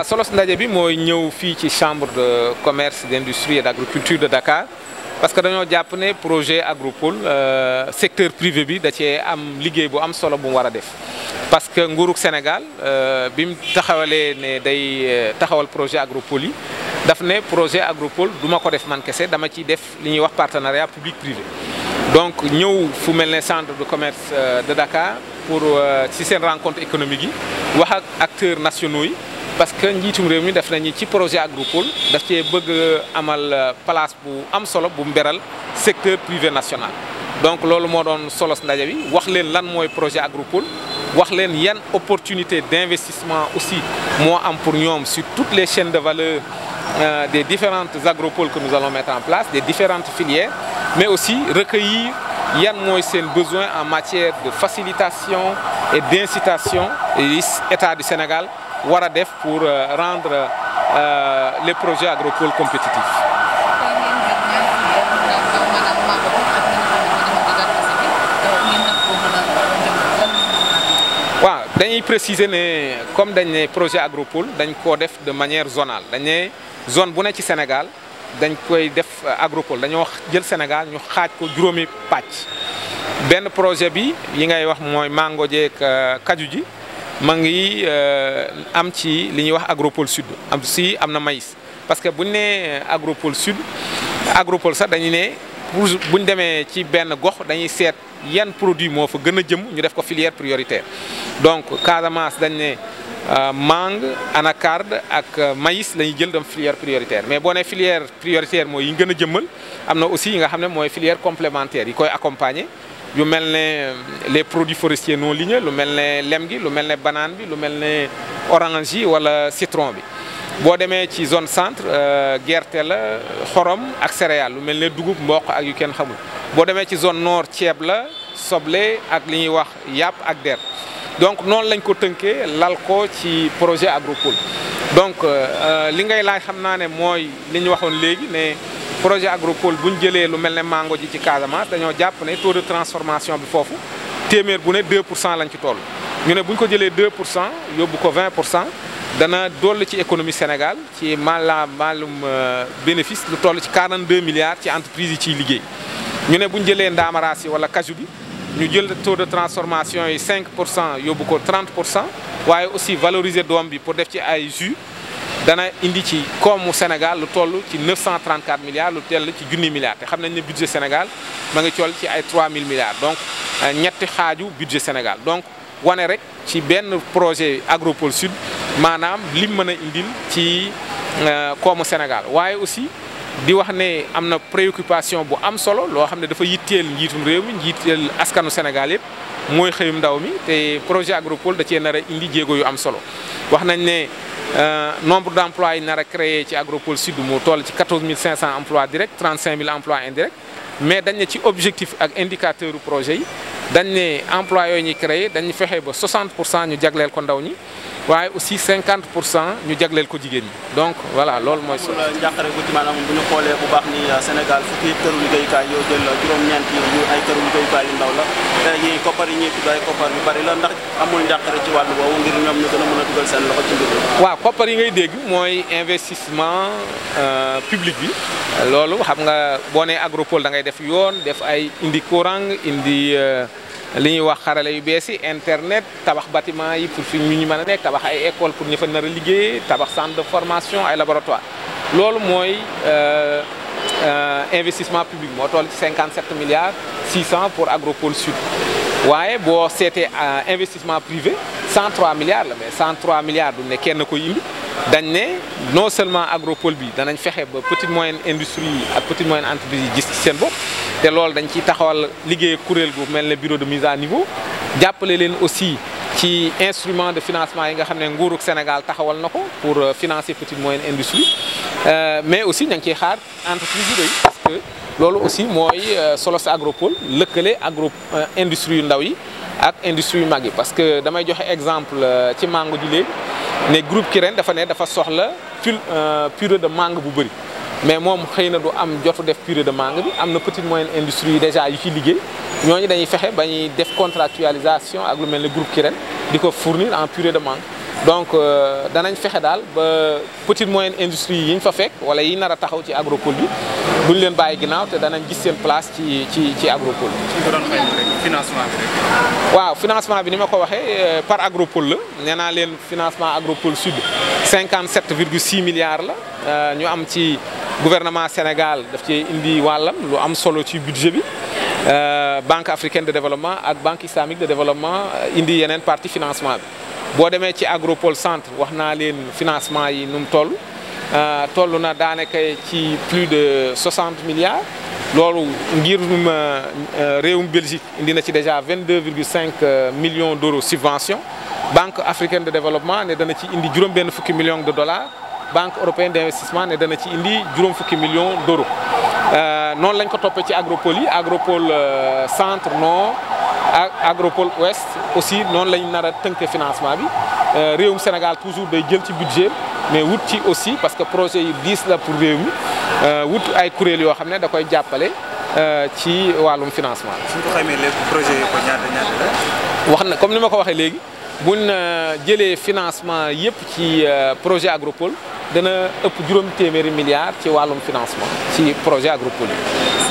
Ah, solo solos ndaje bi mooy ñëw fii ci chambre de commerce d'industrie et d'agriculture de Dakar parce que dañoo jàpp ne projet Agropole euh, secteur privé bi da cee am liggéey bu am solo bu mu war a def parce que nguurug Sénégal euh, bi mu taxawalee ne day euh, taxawal projet Agropole yi daf ne projet Agropole duma ko def man kese dama ciy def li ñuy wax partenariat public privé donc ñëw fu mel ne centre de commerce de Dakar pour ci seen rencontre économique yi wax ak acteurs nationaux yi parce que njiitum réew mi def nañu ci projet Agropole daf cee bëgg amal euh, place bu am solo bu mberal secteur privé national donc loolu moo doon solos ndaje bi wax leen lan mooy projet Agropole wax leen yan opportunité d'investissement aussi moo am pour ñoom sur toutes les chaînes de valeur euh, des différentes agropoles que nous allons mettre en place des différentes filières mais aussi recueillir yan mooy seen besoin en matière de facilitation et d'incitation et état du Sénégal war a def pour euh, rendre euh, les projets agricoles compétitifs. waaw dañuy préciser ne comme dañ ne projet agropole dañ koo def de manière zonal dañ ne zone bu ne ci Sénégal dañ koy def euh, agropole dañoo jël Sénégal ñu xaaj ko juróomi pàcc benn projet bi yi ngay wax mooy mango jeeg kaju ji. ma ngi euh, am ci li ñuy wax agropole sud am si am na maïs parce que buñ nee agropole sud agropole sax dañu ne pour buñ demee ci benn gox dañuy seet yan produit moo fa gën a jëm ñu def ko filier prioritaire donc Casamance dañ ne euh, mangue anacarde ak euh, maïs la ñuy jël dam filière prioritaire mais boo nee filière prioritaire mooy yi gën a jëmmal am na aussi yi nga xam ne mooy filière complémentaire yi koy accompagner yu mel ne les produits forestiers non ligneux lu mel ne lem gi lu mel ne banane bi lu mel ne orange yi wala citron bi boo demee ci zone centre euh, gerte la xorom ak céréales lu mel ne dugub mboq ak yu kenn xamul boo demee ci zone noor ceeb la soble ak li ñuy wax yàpp ak der donc noonu lañ ko tënkee lal ko ci projet agropole donc euh, euh, li ngay laaj xam naa ne mooy li ñu waxoon léegi ne projet agropole bu ñu jëlee lu mel ne mango ji ci Casamance dañoo jàpp ne taux de transformation bi foofu téeméer bu ne 2 pour cent lañ ci tool ñu ne bu ñu ko jëlee 2 pour cent yóbbu ko 20 pour cent dana dolli ci économie Sénégal ci mala malum euh, bénéfice lu toll ci 42 milliards ci entreprise yi ciy liggéey ñu ne bu ñu jëlee ndaamaraas yi wala kaju bi. ñu jël taux de transformation yi 5 pour cent yóbbu ko 30 pour cent waaye aussi valoriser doom bi pour def ci ay jus dana indi ci koomu Sénégal lu toll ci 934 milliards lu tell ci junni milliards te xam nañ ne budget Sénégal ma ngi toll ci ay 3000 milliards donc euh, ñetti xaaju budget Sénégal donc wane rek ci benn projet Agropole Sud maanaam lim mën a indil ci euh, koomu Sénégal waaye aussi di wax ne am na préoccupation bu am solo loo xam ne dafa yitteel njiitum réew mi njiiteel askanu Sénégal yëpp mooy xëyum ndaw mi te projet Agropole da cee nar indi jéego yu am solo wax nañ ne euh, nombre d' emplois yi nar a créé ci Agropole Sud mu toll ci 14500 emplois directs 35000 emplois indirects mais dañ ne ci objectif ak indicateur projet yi dañ ne emploi yooyu ñuy créé dañ fexe ba 60 pour cent ñu jagleel ko ndaw ñi. waaye aussi 50 pour cent ñu jagleel ko jigéen ñi donc voilà lool mooy. solo njàqare gu ci maanaam bu ñu xoolee bu baax ni euh, Sénégal fukki këru liggéeyukaay yoo jël juróom-ñeent yi ay këru liggéeyukaay yu ndaw la yi koppar yi ñuy bari la ndax amul njàqare ci wàllu woowu ngir ñoom ñu gën a seen loxo ci mbir waaw koppar yi ngay dégg mooy investissement euh, public bi loolu xam nga boo nee agropole da ngay def yoon def ay indi courant indi. Euh, li ñuy wax xarale yu bees yi internet tabax bâtiment yi pour fi ñu ñu mën a nekk tabax ay école pour ñu fa nar a liggéey tabax centre de formation ay laboratoire loolu mooy euh, euh, investissement public moo toll ci 57 milliards 600 pour Agropole Sud waaye boo seetee euh, investissement privé 103 milliards la mais 103 milliards du ne kenn koy indi dañ ne non seulement Agropole bi danañ fexe ba petite moyenne industrie yi ak petite moyenne entreprise yi gis ci seen bopp te loolu dañ ciy taxawal liggéey kuréel gu mel ne bureau de mise à niveau jàppale leen aussi ci instrument de financement yi nga xam ne nguurug Sénégal taxawal na ko pour euh, financer petite moyenne industrie euh, mais aussi ña ngi xaar entreprise yu doy parce que loolu aussi mooy euh, solo sa agropole lëkkale agro industrie yu ndaw yi ak industrie yu mag yi parce que damay joxe exemple ci mango ji léegi ne groupe Kirène dafa ne dafa soxla pure purée de mangue bu bëri mais moom xëy na du am jotu def purée de mang bi am na petite moyenne industrie yi déjà yu ci liggéey ñooñu dañuy fexe ba ñuy def contractualisation ak lu mel ne groupe Kirène di ko fournir en purée de mangue donc euh, danañ fexe daal ba petite moyenne industrie yi ñu fa fek wala yi nara taxaw ci agropole bi duñ leen bàyyi ginnaaw te danañ gis seen place ci ci ci agropole bi. financement bi waaw financement bi ni ma ko waxee euh, par agropole la nee naa leen financement agropole sud 57 virgule 6 milliards la euh, ñu am ci. gouvernement Sénégal daf ci indi wàllam lu am solo ci budget bi euh, banque africaine de développement ak banque islamique de développement euh, indi yeneen partie financement bi boo demee ci agropole centre wax naa leen financement yi nu mu toll euh, toll na daanaka ci plus de 60 milliards loolu ngir réewum Belgique indi na ci déjà 22,5 millions d'euros subvention banque africaine de développement ne dana ci indi juróom benn fukki million de dollars banque européenne d'investissement ne dana ci indi juróom fukki millions d'euros euh, noonu lañ ko toppee ci agropole yi agropole euh, centre non agropole ouest aussi noonu lañ nar a tënke financement bi euh, réewum Sénégal toujours day jël ci budget mais wut ci aussi parce que projet yi diis la pour réew mi wut ay kuréel yoo xam ne da koy jàppale ci wàllum financement. suñ projet wax na comme ni ma ko waxee léegi. buñ euh, jëlee financement yëpp ci euh, projet agropole dana ëpp juróom téeméeri milliards ci wàllum financement ci projet agropole yi